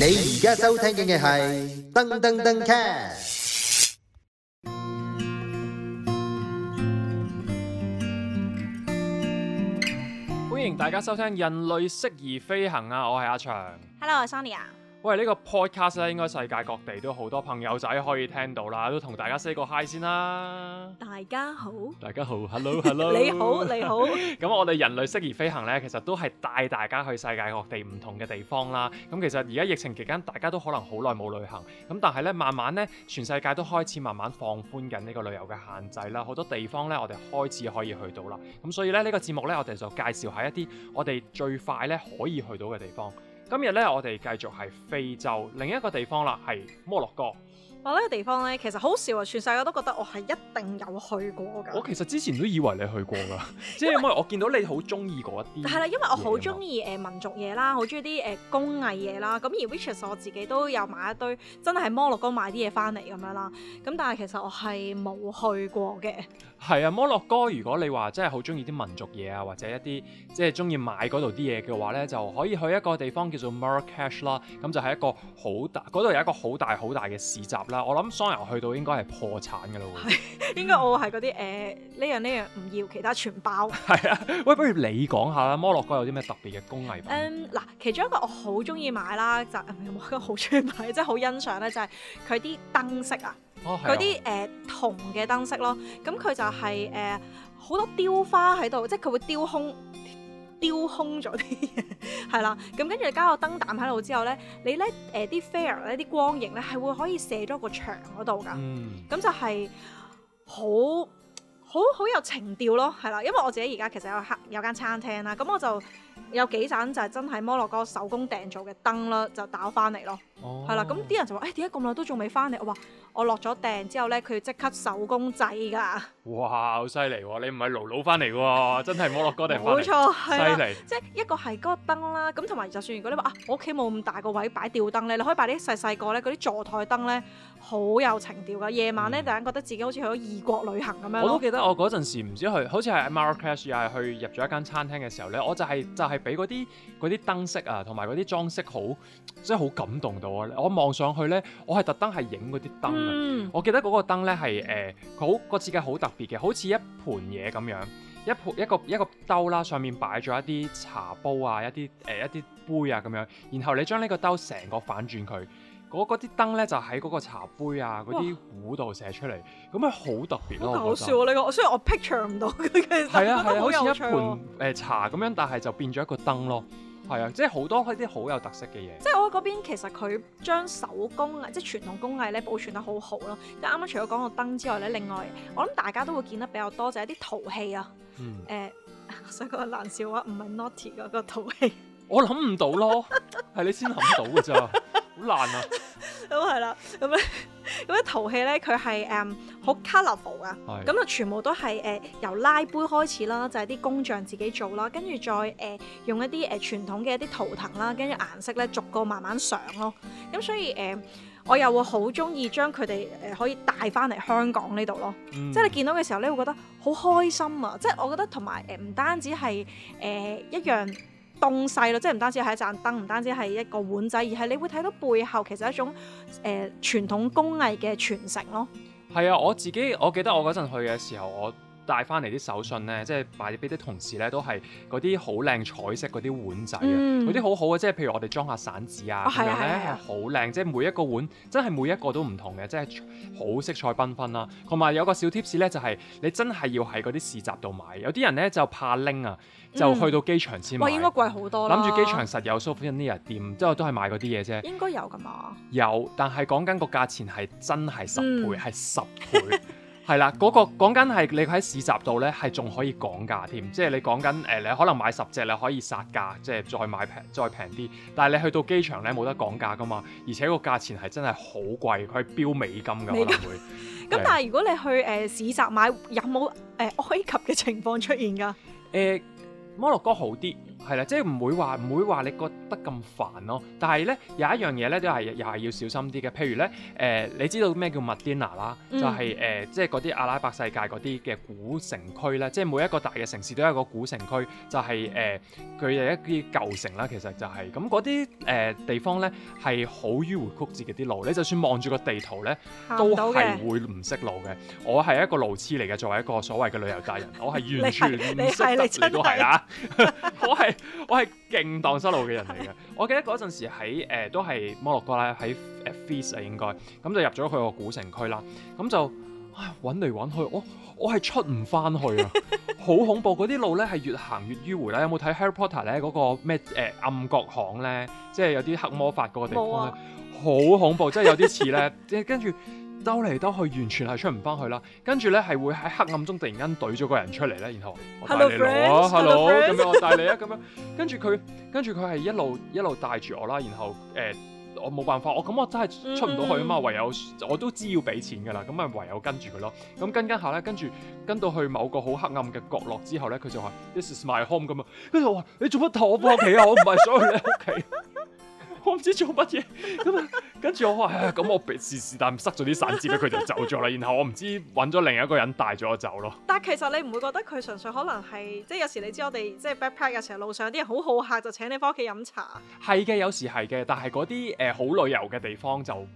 你而家收聽緊嘅係登登登 cast，歡迎大家收聽人類適宜飛行啊！我係阿祥。Hello，I'm Sonia。喂，呢、這個 podcast 咧，應該世界各地都好多朋友仔可以聽到啦，都同大家 say 個 hi 先啦。大家好，大家好，hello hello，你好你好。咁 我哋人類適宜飛行咧，其實都係帶大家去世界各地唔同嘅地方啦。咁其實而家疫情期間，大家都可能好耐冇旅行，咁但係咧，慢慢咧，全世界都開始慢慢放寬緊呢個旅遊嘅限制啦。好多地方咧，我哋開始可以去到啦。咁所以咧，這個、節呢個節目咧，我哋就介紹下一啲我哋最快咧可以去到嘅地方。今日呢，我哋繼續係非洲另一個地方啦，係摩洛哥。我呢個地方咧，其實好少啊！全世界都覺得我係一定有去過噶。我其實之前都以為你去過噶，即係 因為我見到你好中意嗰一啲。係啦，就是，因為我好中意誒民族嘢啦，好中意啲誒工藝嘢啦。咁而 Wiches 我自己都有買一堆，真係喺摩洛哥買啲嘢翻嚟咁樣啦。咁但係其實我係冇去過嘅。係啊，摩洛哥如果你話真係好中意啲民族嘢啊，或者一啲即係中意買嗰度啲嘢嘅話咧，就可以去一個地方叫做 Marrakech 啦。咁就係一個好大，嗰度有一個好大好大嘅市集。啦，我諗桑油去到應該係破產噶咯，會 係應該我係嗰啲誒呢樣呢樣唔要，其他全包。係 啊，喂，不如你講下啦，摩洛哥有啲咩特別嘅工藝品？嗯，嗱，其中一個我好中意買啦，就唔係我好中意買，即係好欣賞咧，就係佢啲燈飾、哦、啊，嗰啲誒銅嘅燈飾咯。咁佢就係誒好多雕花喺度，即係佢會雕空。雕空咗啲嘢，係 啦，咁跟住加個燈膽喺度之後呢，你呢誒啲、呃、fire 咧啲光影呢，係會可以射咗個牆嗰度噶。咁、嗯、就係好好好有情調咯，係啦，因為我自己而家其實有客有間餐廳啦，咁我就有幾盞就係真係摩洛哥手工訂做嘅燈啦，就打翻嚟咯。係啦，咁啲、哦嗯、人就話，誒、欸，點解咁耐都仲未翻嚟？我話我落咗訂之後咧，佢要即刻手工製噶。哇，好犀利！你唔係勞勞翻嚟噶，真係摩洛哥訂翻嚟。冇錯，係即係一個係嗰錯害個燈啦，咁同埋就算如果你話啊，我屋企冇咁大個位擺吊燈咧，你可以擺啲細細個咧，嗰啲座台燈咧，好有情調噶。夜晚咧，突然、嗯、覺得自己好似去咗異國旅行咁樣。我都也記得我嗰陣時唔知去，好似係 Marrakech 又係去入咗一間餐廳嘅時候咧，我就係、是、就係俾嗰啲嗰啲燈飾啊，同埋嗰啲裝飾好，真係好感動到。我望上去咧，我係特登係影嗰啲燈啊！嗯、我記得嗰個燈咧係誒，好、呃嗰個設計好特別嘅，好似一盤嘢咁樣，一盤一個一個兜啦，上面擺咗一啲茶煲啊，一啲誒、呃、一啲杯啊咁樣。然後你將呢個兜成個反轉佢，嗰、嗰、啲、個、燈咧就喺嗰個茶杯啊嗰啲壺度射出嚟，咁樣好特別咯！好搞笑呢、啊、個，雖然我 picture 唔到，係啊係啊，啊，好似一盤誒、啊、茶咁樣，但係就變咗一個燈咯。係啊，即係好多係啲好有特色嘅嘢。即係我嗰邊其實佢將手工啊，即係傳統工藝咧保存得好好咯。即啱啱除咗講個燈之外咧，另外我諗大家都會見得比較多就係、是、啲陶器啊。誒、嗯，欸、我想講個爛笑話，唔係 naughty 嗰個陶器。我諗唔到咯，係 你先諗到㗎咋。 好難啊！咁係啦，咁咧，咁咧陶器咧，佢係誒好 colourful 噶，咁就、um, 的全部都係誒、呃、由拉杯開始啦，就係、是、啲工匠自己做啦，跟住再誒、呃、用一啲誒、呃、傳統嘅一啲圖騰啦，跟住顏色咧逐個慢慢上咯。咁、呃、所以誒、呃，我又會好中意將佢哋誒可以帶翻嚟香港呢度咯，呃嗯、即係你見到嘅時候咧，會覺得好開心啊！即係我覺得同埋誒唔單止係誒、呃、一樣，東西咯，即係唔單止係一盞燈，唔單止係一個碗仔，而係你會睇到背後其實一種誒傳、呃、統工藝嘅傳承咯。係啊，我自己我記得我嗰陣去嘅時候,時候我。帶翻嚟啲手信咧，即係買俾啲同事咧，都係嗰啲好靚彩色嗰啲碗仔啊，嗰啲、嗯、好好嘅，即係譬如我哋裝下散紙啊咁樣係好靚，即係每一個碗真係每一個都唔同嘅，即係好色彩繽紛啦、啊。同埋有個小 tips 咧，就係、是、你真係要喺嗰啲市集度買，有啲人咧就怕拎啊，嗯、就去到機場先買。哇、呃，應該貴好多啦！諗住機場實有 Souvenir 店，即係我都係買嗰啲嘢啫。應該有㗎嘛？有，但係講緊個價錢係真係十倍，係、嗯、十倍。 係啦，嗰個講緊係你喺市集度咧，係仲可以講價添，即係你講緊誒，你可能買十隻你可以殺價，即係再買平再平啲。但係你去到機場咧冇得講價噶嘛，而且個價錢係真係好貴，佢係標美金㗎，美金，可能會。咁、 呃、但係如果你去誒、呃、市集買，有冇誒、呃、埃及嘅情況出現㗎？誒、呃、摩洛哥好啲。係啦，即係唔會話唔會話你覺得咁煩咯、啊。但係咧有一樣嘢咧都係又係要小心啲嘅。譬如咧誒、呃，你知道咩叫麥地那啦、嗯就是呃？就係誒，即係嗰啲阿拉伯世界嗰啲嘅古城區咧，即、就、係、是、每一個大嘅城市都有一個古城區，就係誒佢有一啲舊城啦。其實就係咁，嗰啲誒地方咧係好迂迴曲折嘅啲路。你就算望住個地圖咧，都係會唔識路嘅。我係一個路痴嚟嘅，作為一個所謂嘅旅遊達人，我係完全唔識 是。得你係都係啦， 我係。我係勁蕩失路嘅人嚟嘅，我記得嗰陣時喺誒、呃、都係摩洛哥啦，喺誒 Fes 啊，應該，咁就入咗去個古城區啦，咁就揾嚟揾去，我我係出唔翻去啊，好 恐怖，嗰啲路咧係越行越迂迴啦，有冇睇 Harry Potter 咧，嗰、那個咩誒、呃、暗角巷咧，即係有啲黑魔法嗰個地方咧，好冇、啊、恐怖，即係 有啲似咧，即係跟住。兜嚟兜去，完全係出唔翻去啦，跟住咧係會喺黑暗中突然間懟咗個人出嚟咧，然後我帶你路啊，hello，咁樣我帶你啊，咁樣，跟住佢，跟住佢係一路一路帶住我啦，然後誒、呃，我冇辦法，我咁我真係出唔到去啊嘛、mm. 唯，唯有我都知要俾錢噶啦，咁啊唯有跟住佢咯，咁跟跟下咧，跟住跟到去某個好黑暗嘅角落之後咧，佢就話 this is my home 咁啊，跟住我話，你做乜托我返屋企啊，我唔係想去你屋企。我唔知做乜嘢，咁啊，跟住我話，咁我是是但塞咗啲散紙俾佢就走咗啦。然後我唔知揾咗另一個人帶咗我走咯。但係其實你唔會覺得佢純粹可能係，即係有時你知我哋即係 backpack 嘅時候路上有啲人好好客就請你翻屋企飲茶。係嘅，有時係嘅，但係嗰啲誒好旅遊嘅地方就。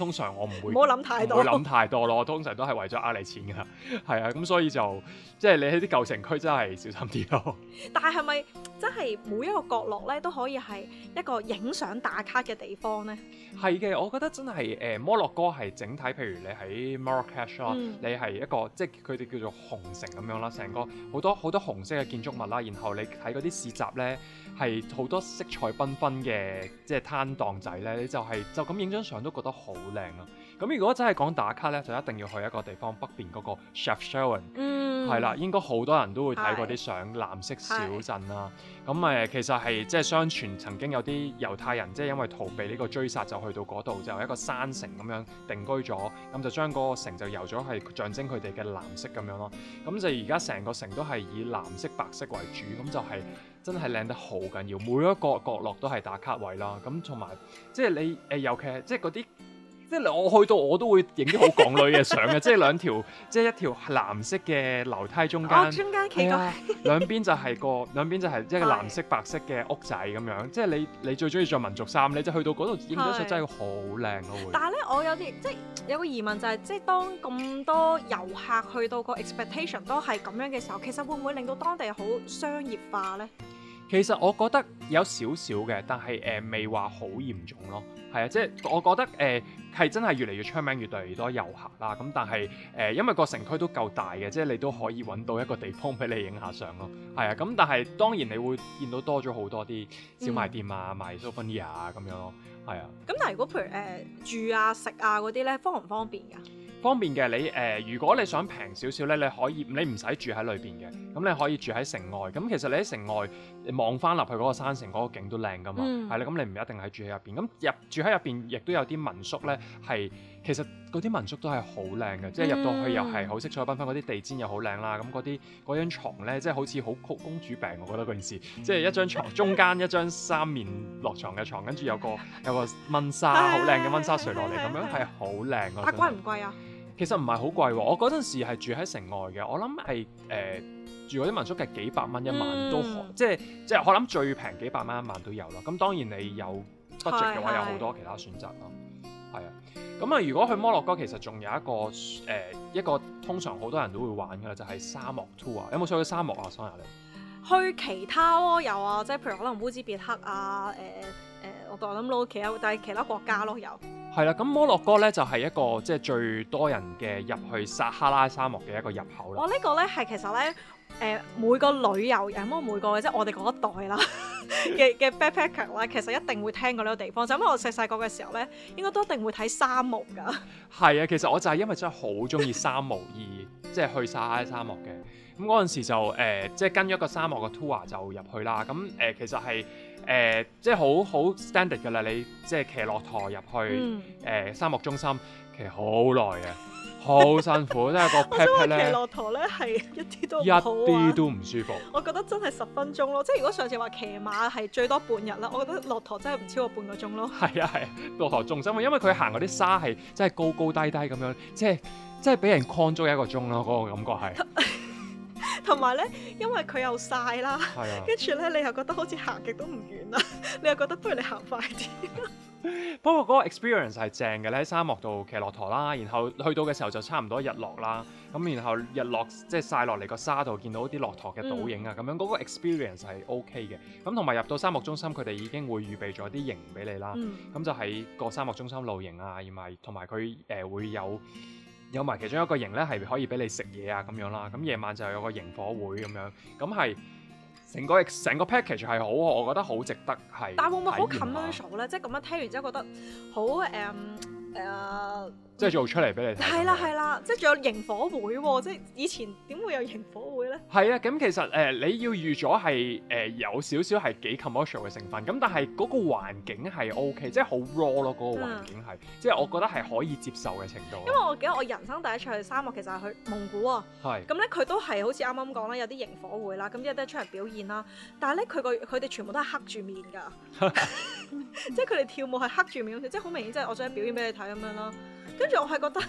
通常我唔會，唔好諗太多，唔諗太多咯。我 通常都係為咗呃你錢噶，係啊，咁所以就即係、就是、你喺啲舊城區真係小心啲咯。 但係咪真係每一個角落咧都可以係一個影相打卡嘅地方咧？係嘅，我覺得真係誒摩洛哥係整體，譬如你喺 Marrakech 啦，嗯、你係一個即係佢哋叫做紅城咁樣啦，成個好多好多紅色嘅建築物啦，然後你睇嗰啲市集咧係好多色彩繽紛嘅即係攤檔仔咧，你就係、是、就咁影張相都覺得好。靚啊！咁如果真係講打卡咧，就一定要去一個地方北邊嗰個 Chefchaouen 係啦、嗯，應該好多人都會睇過啲相的藍色小鎮啦、啊。咁誒的，其實係即係相傳曾經有啲猶太人即係因為逃避呢個追殺，就去到嗰度就一個山城咁樣定居咗，咁就將嗰個城就油咗係象徵佢哋嘅藍色咁樣咯。咁就而家成個城都係以藍色、白色為主，咁就係真係靚得好緊要，每一個角落都係打卡位啦。咁同埋即係你誒，尤其係即係嗰啲。即係我去到我都會影啲好港女嘅相嘅， 即係兩條， 即係一條藍色嘅樓梯中間，哦、oh，中間企過，兩邊、哎、 就係個兩邊 就係一個藍色白色嘅屋仔咁樣。即係你你最中意着民族衫，你就去到嗰度影咗出真係好靚咯。會 但係咧，我有啲即係有個疑問就係、是，即係當咁多遊客去到個 expectation 都係咁樣嘅時候，其實會唔會令到當地好商業化咧？其實我覺得有少少嘅，但係誒、呃、未話好嚴重咯。係啊，即係我覺得誒係、呃、真係越嚟越出名，越嚟越多遊客啦。咁但係誒、呃，因為個城區都夠大嘅，即係你都可以揾到一個地方俾你影下相咯。係啊，咁但係當然你會見到多咗好多啲小賣店、嗯、啊，賣 souvenir 啊咁樣咯。係啊、嗯。咁但係如果譬如誒、呃、住啊食啊嗰啲咧，方唔方便㗎、啊？方便嘅。你誒、呃，如果你想平少少咧，你可以你唔使住喺裏邊嘅，咁你可以住喺城外。咁其實你喺城外望翻落去嗰個山城嗰、嗰個景都靚噶嘛，係啦、嗯。咁你唔一定係住喺入邊。咁入住喺入邊亦都有啲民宿咧，係其實嗰啲民宿都係好靚嘅，即係入到去又係好色彩繽紛嗰啲地氈又好靚啦。咁嗰啲嗰張牀咧，即係好似好好公主病，我覺得嗰件事，即係、嗯、一張床，嗯、中間一張三面落床嘅床，跟住有個有個蚊紗，好靚嘅蚊紗垂落嚟，咁樣係好靚。啊，貴唔貴啊？其實唔係好貴喎，我嗰陣時係住喺城外嘅，我諗係誒住嗰啲民宿嘅幾百蚊一晚都，即係即係我諗最平幾百蚊一晚都有啦。咁當然你有 budget 嘅話，是有好多其他選擇咯，係啊是。咁啊是，如果去摩洛哥，其實仲有一個誒、呃、一個通常好多人都會玩嘅就係、是、沙漠 tour，有冇想去沙漠啊，Sunday？你去其他喎、哦，有啊，即係譬如可能烏茲別克啊，誒、啊。我當諗攞其他，但係其他國家咯有。係啦、啊，咁摩洛哥咧就係、是、一個即係、就是、最多人嘅入去撒哈拉沙漠嘅一個入口啦。我個呢個咧係其實咧，誒、呃、每個旅遊人，冇、嗯、每個即係我哋嗰一代啦嘅嘅 backpacker 啦，其實一定會聽過呢個地方。就因、是、為我細細個嘅時候咧，應該都一定會睇沙漠㗎。係啊，其實我就係因為真係好中意沙漠 而即係去撒哈拉沙漠嘅。咁嗰陣時就誒、呃、即係跟咗一個沙漠嘅 tour 就入去啦。咁、嗯、誒、嗯嗯、其實係。誒、呃，即係好好 standard 噶啦。你即係騎駱駝入去誒、嗯呃、沙漠中心，騎好耐嘅，好辛苦。即係 個 pat pat 咧係一啲都唔一啲都唔舒服。我覺得真係十分鐘咯。即係如果上次話騎馬係最多半日啦，我覺得駱駝真係唔超過半個鐘咯。係啊係，駱駝、啊啊、中心，因為佢行嗰啲沙係真係高高低低咁樣，即係即係俾人擴咗一個鐘咯。嗰、那個感覺係。 同埋咧，因為佢又晒啦，係啊，跟住咧，你又覺得好似行極都唔遠啦， 你又覺得不如你行快啲。不過嗰個 experience 係正嘅，你喺沙漠度騎駱駝啦，然後去到嘅時候就差唔多日落啦，咁然後日落即係晒落嚟個沙度，見到啲駱駝嘅倒影啊，咁、嗯、樣嗰個 experience 係 OK 嘅。咁同埋入到沙漠中心，佢哋已經會預備咗啲營俾你啦，咁、嗯、就喺個沙漠中心露營啊，同埋佢誒會有。有埋其中一個營咧，係可以俾你食嘢啊咁樣啦。咁夜晚就有個營火會咁樣，咁係成個成個 package 係好，我覺得好值得係。但會唔會好 commercial 咧？即係咁樣聽完之後覺得好誒誒。嗯嗯即係做出嚟俾你睇。係啦的，係啦，即係仲有營火會喎，即係以前點會有營火會咧？係啊，咁其實誒、呃、你要預咗係誒有少少係幾 commercial 嘅成分，咁但係嗰個環境係 OK，即係好 raw 咯嗰、那個環境係，嗯、即係我覺得係可以接受嘅程度。因為我記得我人生第一次去沙漠其實係去蒙古啊，咁咧佢都係好似啱啱講啦，有啲營火會啦，咁啲人出嚟表演啦，但係咧佢個佢哋全部都係黑住面㗎。 即係佢哋跳舞係黑住面，即係好明顯，即係我想表演俾你睇咁樣咯。跟住我係覺得，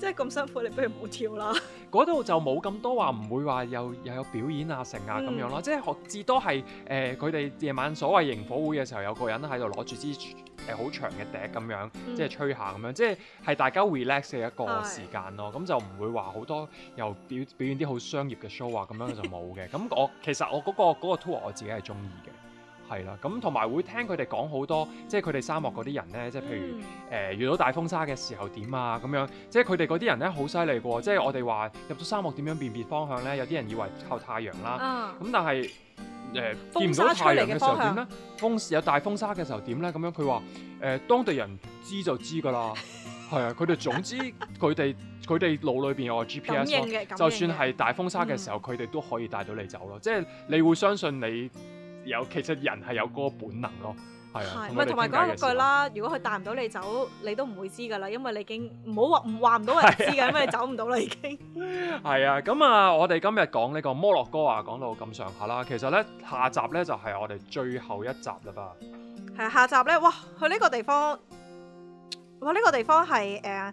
即係咁辛苦，你不如唔好跳啦。嗰度就冇咁多話，唔會話又又有表演啊、成啊咁樣咯。嗯、即係學至多係誒，佢哋夜晚所謂營火會嘅時候，有個人喺度攞住支誒好長嘅笛咁樣，即係吹下咁樣，即係係大家 relax 嘅一個時間咯。咁是的 就唔會話好多又表表演啲好商業嘅 show 啊，咁樣就冇嘅。咁 我其實我嗰、嗰個、嗰個 tour 我自己係中意嘅。係啦，咁同埋會聽佢哋講好多，即係佢哋沙漠嗰啲人咧，即係譬如誒、嗯呃、遇到大風沙嘅時候點啊咁樣，即係佢哋嗰啲人咧好犀利喎，即係我哋話入咗沙漠點樣辨別方向咧？有啲人以為靠太陽啦，咁、嗯、但係誒、呃、風沙 見唔到太陽嘅時候點咧？風，風有大風沙嘅時候點咧？咁樣佢話誒當地人知就知㗎喇，係啊， 佢哋總之佢哋佢哋腦裏邊有個 GPS，就算係大風沙嘅時候，佢哋都可以帶到你走咯，即、就、係、是、你會相信你。有，其實人係有嗰個本能咯，係啊。係同埋講一句啦，如果佢帶唔到你走，你都唔會知噶啦，因為你已經唔好話唔話唔到人知、啊、因為你走唔到啦已經了了。係啊，咁 啊、啊，我哋今日講呢個摩洛哥啊，講到咁上下啦，其實咧下集咧就係、是、我哋最後一集啦噃，係啊，下集咧，哇！去呢個地方，哇！呢、這個地方係誒、呃，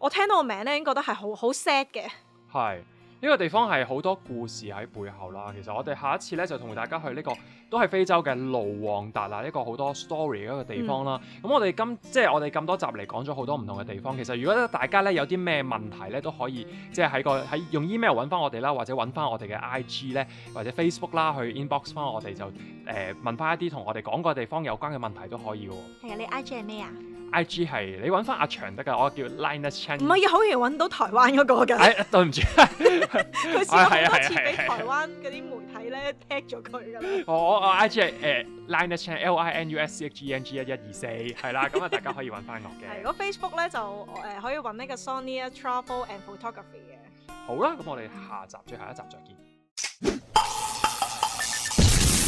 我聽到個名咧已經覺得係好好 sad 嘅。係。呢個地方係好多故事喺背後啦。其實我哋下一次咧就同大家去呢、呢個都係非洲嘅盧旺達啦，一、呢個好多 story 嘅一個地方啦。咁、嗯、我哋今即係我哋咁多集嚟講咗好多唔同嘅地方。其實如果大家咧有啲咩問題咧都可以即係喺個喺用 email 揾翻我哋啦，或者揾翻我哋嘅 IG 咧，或者 Facebook 啦去 inbox 翻我哋就誒、呃、問翻一啲同我哋講過地方有關嘅問題都可以、哦。係啊，你 IG 係咩啊？I G 係你揾翻阿翔得噶，我叫 Linus Chan。唔係，好容易揾到台灣嗰個嘅。哎，對唔住，佢試過好多次俾台灣嗰啲媒體咧踢咗佢咁。我我 I G 係誒 Linus Chan L I N U S C H A N G 一一二四係啦，咁啊大家可以揾翻我嘅。係，如果 Facebook 咧就誒可以揾呢個 Sonia Travel and Photography 嘅。好啦，咁我哋下集最後一集再見。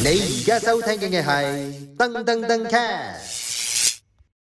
你而家收聽嘅係燈登登 cast。